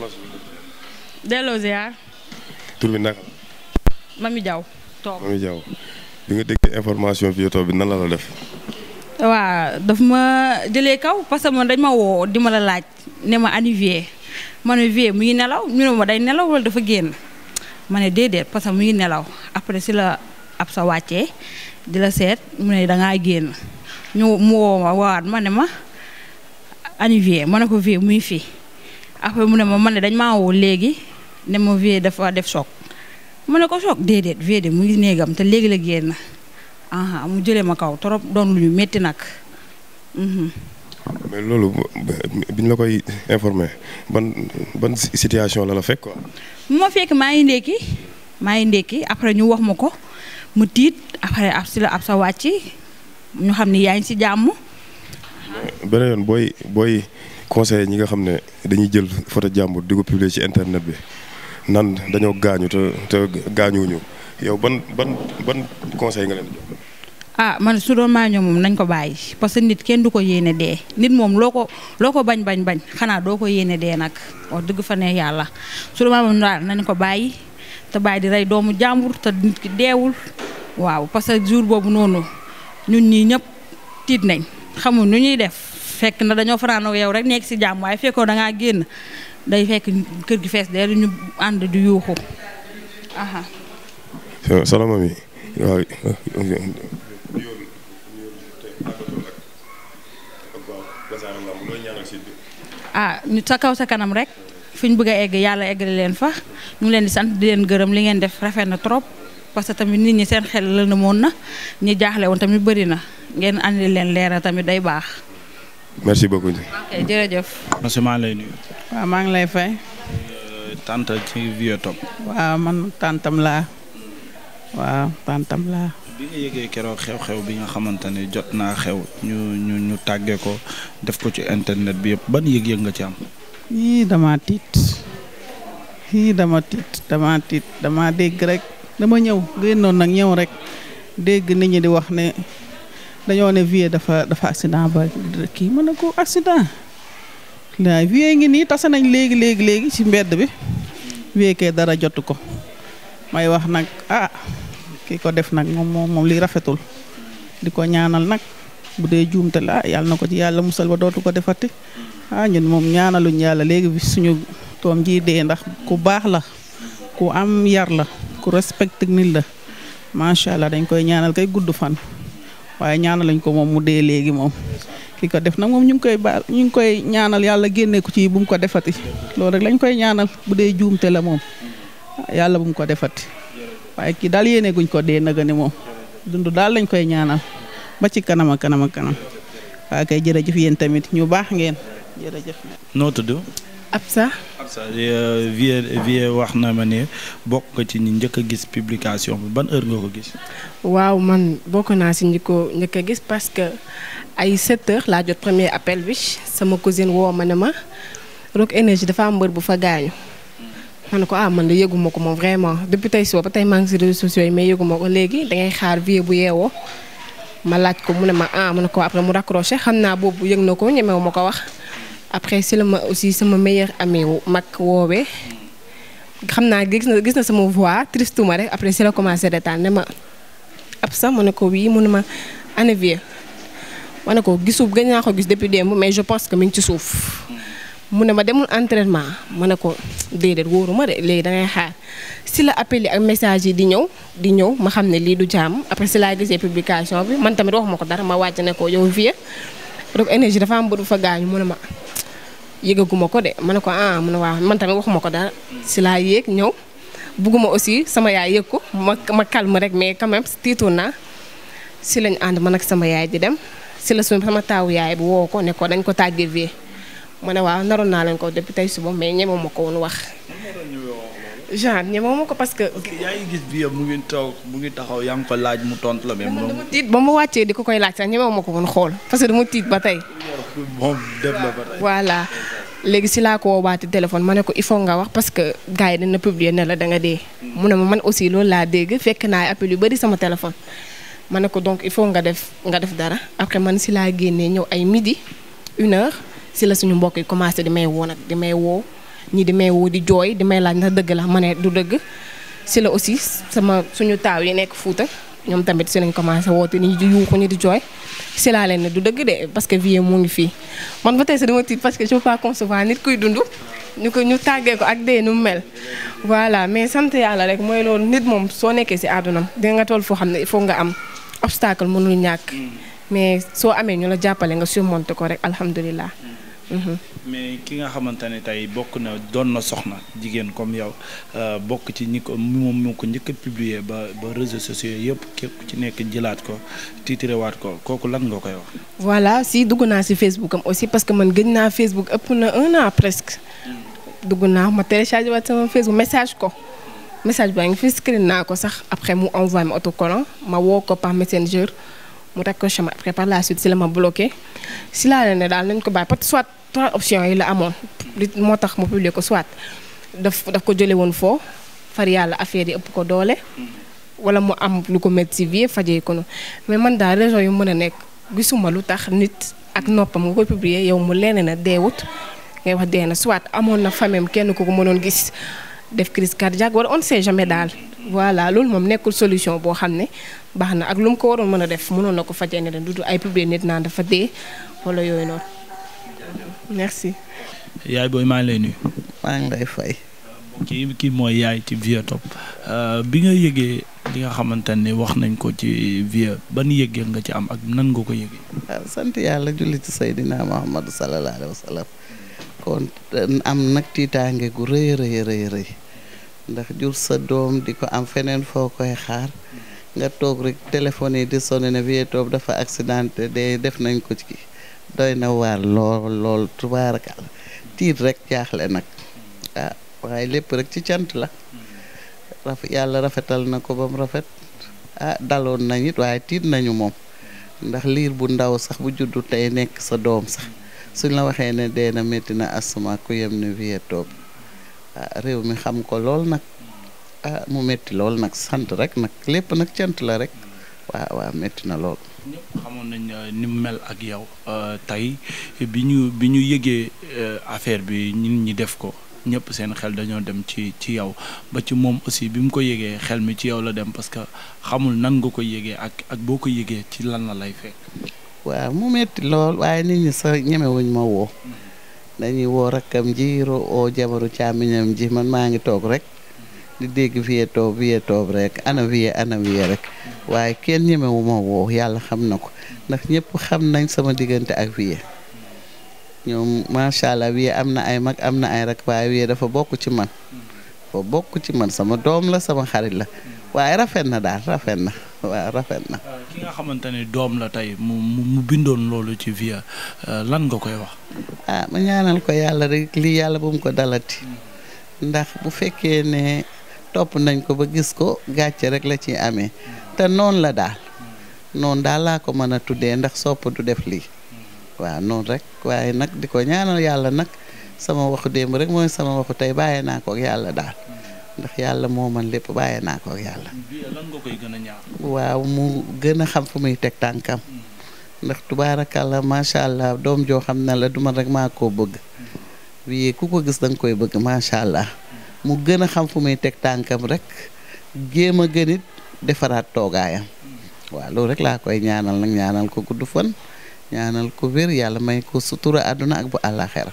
soxna si. delloo ziar. tur bi bi nga déggee information Vieux bi nan la la def. waaw daf ma jëlee kaw parce que man dañ ma woo di ma la laaj ne ma annivier ma ne Vieux nelaw ñu ne ma day nelaw wala dafa génn ma ne déedéet parce que mu ngi nelaw après si la ab sa wàcce di la seet mu ne da génn ñu mu woo ma waat ma ne ma annivier ma ne ko Vieux muy fii. après mu ne ma man ne dañ maa woo léegi ne ma vie dafa def choc mu ne ko choc déedéet vie de mu ngi néegam te léegi la génn aha mu jële ma kaw trop doon lu ñu métti nag. Mhm. mais loolu biñ la koy informé ban ban situation la la fekk quoi. ma fekk maa ngi ndékki maa ngi ndékki après ñu wax ma ko mu tiit après ab sa wàcc ñu xam ni yaa ngi si jàmm. beneen yoon booy conseil ñi nga xam ne dañuy jël photo jàmbur di ko publier ci internet bi nan dañoo gaañu te te gaañuwuñu yow ban ban ban conseil nga leen ah, man su doon moom nañ ko bàyyi parce que nit kenn du ko yéene dee nit moom loo ko loo ko bañ bañ bañ xanaa doo ko yéene dee nag wax dëgg fa ne yàlla su doon maa moom daal nañ ko bàyyi te bàyyi di rey doomu jàmbur te nit ki deewul waaw parce que jour boobu noonu ñun ñii ñëpp tiit nañ xamul nu ñuy def. fekk na dañoo fanaanoo yow rek nekk si jàmm waaye fekkoo da génn day fekk kër gi fees dell ñu ànd di yuuxu. salaama mi waaw. ah ñu sa kaw sa kanam rek fi ñu bëgg a egg yàlla eggali leen fa ñu leen di sant di leen gërëm li ngeen def rafet na trop parce que tamit nit ñi seen xel la na moon na ñu jaaxle woon tamit bari na ngeen andi leen leeral tamit day baax. merci beaucoup. ok maa ngi lay nuyu. waaw maa lay fay. Euh, tante ci Vieux Top. man tàntam laa. waaw tàntam laa. bi nga yëgee keroog xew-xew bi nga xamante ne jot naa xew ñu ñu tàggee ko def ko ci internet bi yëpp ban yëg-yëg nga ci am. dama tiit yii dama tiit dama dégg rek dama ñëw génnoon nag ñëw rek dégg nit ñi di wax ne. dañoo ne Vieux dafa dafa accident ba kii mën na ko accident la Vieux ngi nii tase nañ léegi léegi léegi ci mbedd bi Vieux kay dara jotu ko may wax nag ah ki ko def nag moom moom li rafetul di ko ñaanal nag bu dee juumte la yàlla na ko ci yàlla musal ba dootu ko defati ah ñun moom ñaanaluñ yàlla léegi bi suñu doom ji dee ndax ku baax la ku am yar la ku respecte nit la macha allah dañ koy ñaanal kay gudd fan. waaye ñaanal lañ ko moom mu dee léegi moom ki ko def nag moom ñu ngi koy baal ñu ngi koy ñaanal yàlla génne ko ci bu mu ko defati loolu rek lañ koy ñaanal bu dee juumte la moom yàlla bu mu ko defati waaye ki daal yéene guñ ko dee naga ni moom dundu daal lañ koy ñaanal ba ci kanam ak kanam ak kanam waa kay jërëjëf yéen tamit ñu baax ngeen jërëjëf. noo tudd. Absa. c'est-à-dire euh, vie vie wax na ma ne bokk nga ci ñi njëkk a gis publication bi ban heure nga ko gis. waaw man bokk naa si ñi ko njëkk a gis parce que ay 7 laa jot premier appel bi sama cousine woo ma ne ma Rock Énergie dafa am mbër bu fa gaañu. ma ne ko ah man ma ko moom vraiment depuis tey suba ba tey maa ngi si réseaux sociaux mais yëgu ma ko léegi dangay xaar vie bu yeewoo ma laaj ko mu ne ma ah ma ne ko après mu raccroché xam naa boobu yëg na ko ñemewu ma ko wax. après si la ma aussi sama meilleur ami mag woowee xam naa gis na gis na sama voix tristuma rek après si la commencé retaan ne ma ab sax ma ne ko wii mu ne ma annivier ma ne ko gisu gën naa ko gis depuis démb mais je pense que mi ngi ci suuf mu ne ma demul entraînement mu ne ko déedéet wóoruma de léegi da ngay xaar si la appel yi ak message yi di ñëw di ñëw ma xam ne lii du jàmm après si laa gisee publication bi man tamit wax ma ko dara ma wàcc ne ko yow vie rek énergie dafa am bu fa gaañu mu ne ma yégaguma ko de ma ne ko ah mu ne waaw man tamit waxuma ko dara si laa yéeg ñëw bugguma aussi sama yaay yéeg ko ma ma calme rek mais quand même tiitu naa si lañ ànd man ak sama yaay di dem si la suñu sama taawu yaay bu woo ko nekkoo dañ ko tàggee vie ma ne waaw naroon naa lañ ko depuis tey suba mais ñemewuma ko woon wax. genre ñemewuma ko parce que. ok yaa ngi gis bii mu ngi toog mu ngi taxaw yaa ngi ko laaj mu tontu la. mais moom dama tiit ba ma wàccee di ko koy laaj sax ñemewuma ko woon xool parce que dama tiit ba tey. moom voilà léegi si laa ko woowaati téléphone ma ne ko il faut nga wax parce que gars yi dina publier ne la da nga dee. mu a ma man aussi loolu laa dégg fekk naa appel yu bëri sama téléphone. ma ne ko donc il faut nga def nga def dara après man si laa génnee ñëw ay midi une heure si la suñu mbokk yi commencé di may woo nag di may woo. ñi di may woo di jooy di may laaj ndax dëgg la ma ne du dëgg si la aussi sama suñu taaw yi nekk Fuuta ñoom tamit si lañ commencé woote ni di yuuxu ñu di jooy si laa leen ne du dëgg de parce que vie mu ngi fii man ba tey sax dama que je peux pas concevoir nit kuy dund ñu ko ñu tàggee ko ak dee nu mu mel voilà mais sant yàlla rek mooy loolu nit moom soo nekkee si àdduna da nga toll foo xam ne il faut nga am obstacle mënul ñàkk mm. mais soo amee ñu la jàppale nga surmonter ko rek alhamdulilah mais ki nga xamante ne tey bokk na doon na soxna jigéen comme yow euh, bokk ci ñi ko moom moo ko njëkk a publier ba ba réseaux sociaux yëpp képp ci nekk jëlaat ko tiitrewaat ko kooku lan nga koy wax. voilà si dugg naa si Facebook am aussi parce que man gëj naa Facebook ëpp na un an presque. dugg naa ma téléchargé waat sama Facebook message ko. message baa ngi fi screen naa ko sax après mu envoyé ma autocollant ma woo ko par messenger mu teg ko chemin après par la soit trois options yi la amoon li moo tax mu publier ko soit daf daf ko jële woon foo far yàlla affaire yi ëpp ko doole wala mu am lu ko métti vie fajee ko mais man daal raison yu mën a nekk gisuma lu tax nit ak noppam nga koy publier yow mu leneen na deewut ngay wax dee na soit amoon na famem kenn ku ko mënoon gis def crise cardiaque wala on ne sait daal voilà loolu moom nekkul solution boo xam ne baax na ak lu mu ko waroon mën a def mënoon na ko fajee ne du du ay publier nit naan dafa dee wala yooyu noonu merci. yaay booy maa ngi lay nuyu. maa ngi lay fay. kii kii mooy yaay ci Vieux bi nga yëgee li nga xamante ne wax nañ ko ci Vieux ban yëgee nga ci am ak nan nga ko yëgee. waaw ah, sant yàlla julli ci Seydina Muhammadu sallallahu alayhi wa sallam kon euh, am nag tiitaange gu rëy rëy rëy rëy ndax jur sa doom di ko am feneen foo koy xaar nga toog rek téléphone yi di sonné ne Vieux Top dafa accidenté de def nañ ko ci. doy na lool lool tubaarakal tiit rek jaaxle nag ah waaye lépp rek ci cant la raf yàlla rafetal na ko ba rafet ah daloon nañ it waaye tiit nañu moom ndax liir bu ndaw sax bu juddu tey nekk sa doom sax suñ la waxee ne dee na métti na asuma ku yem ne wiyetoo ah réew mi xam ko lool nag ah mu metti lool nag sant rek nag lépp nag cant la rek. waaw waaw métti na lool. ñëpp nañ euh, ni mu mel ak yow euh, tey bi ñu bi ñu yëgee euh, affaire bi ñun ñi def ko ñëpp seen xel dañoo dem ci ci yow ba ci moom aussi bi mu ko yëgee xel mi ci yow la dem parce que xamul nan nga ko yégee ak ak boo ko yëgee ci lan la lay fekk. waaw mu metti lool waaye nit ñi sax ñemewuñ ma woo. Mm-hmm. dañuy woo rakkam ji ro oo jabaru càmmiñam ji man maa ngi toog rek. di dégg vie toob vie toob rek ana vie ana vie rek waaye kenn ñemewu ma woo yàlla xam na ko ndax ñëpp xam nañ sama diggante ak vie ñoom macha allah vie am na ay mag am na ay rek waaye vie dafa bokk ci man dafa bokk ci man sama doom la sama xarit la waaye rafet na daal rafet na waaw rafet na. Euh, ki nga xamante ni doom la tey mu mu bindoon loolu ci vie euh, lan nga koy wax. ah ma ñaanal ko yàlla rek lii yàlla bu mu ko dalati ndax bu fekkee ne. topp nañ ko ba gis ko gàcce rek la ci amee te noonu la daal noon daal laa ko mën a tuddee ndax sopp du def lii waaw noon rek waaye nag di ko ñaanal yàlla nag sama waxu démb rek mooy sama waxu tey bàyyee naa ko ak yàlla daal ndax yàlla moo man lépp bàyyee naa ko ak yàlla. lan waaw mu gën a xam fu muy teg tànkam. ndax tubaarakàlla macha allah doom joo xam ne la duma rek maa koo bëgg. wii ku ko gis da koy bëgg macha allah. mu gën a xam fu muy teg tànkam rek jéem a gën it defaraat toogaayam waa loolu rek laa koy ñaanal nag ñaanal ko gudd fan ñaanal ko wér yàlla may ko sutura àdduna ak bu àllaxera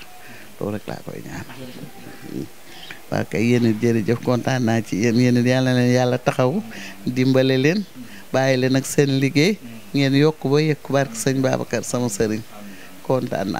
loolu rek laa koy ñaanal waaw kay yéen it jërëjëf kontaan naa ci yéen yéen it yàlla leen yàlla taxaw dimbale leen bàyyi leen ak seen liggéey ngeen yokk ba yëkk barke sëñ Babacar sama sëriñ kontaan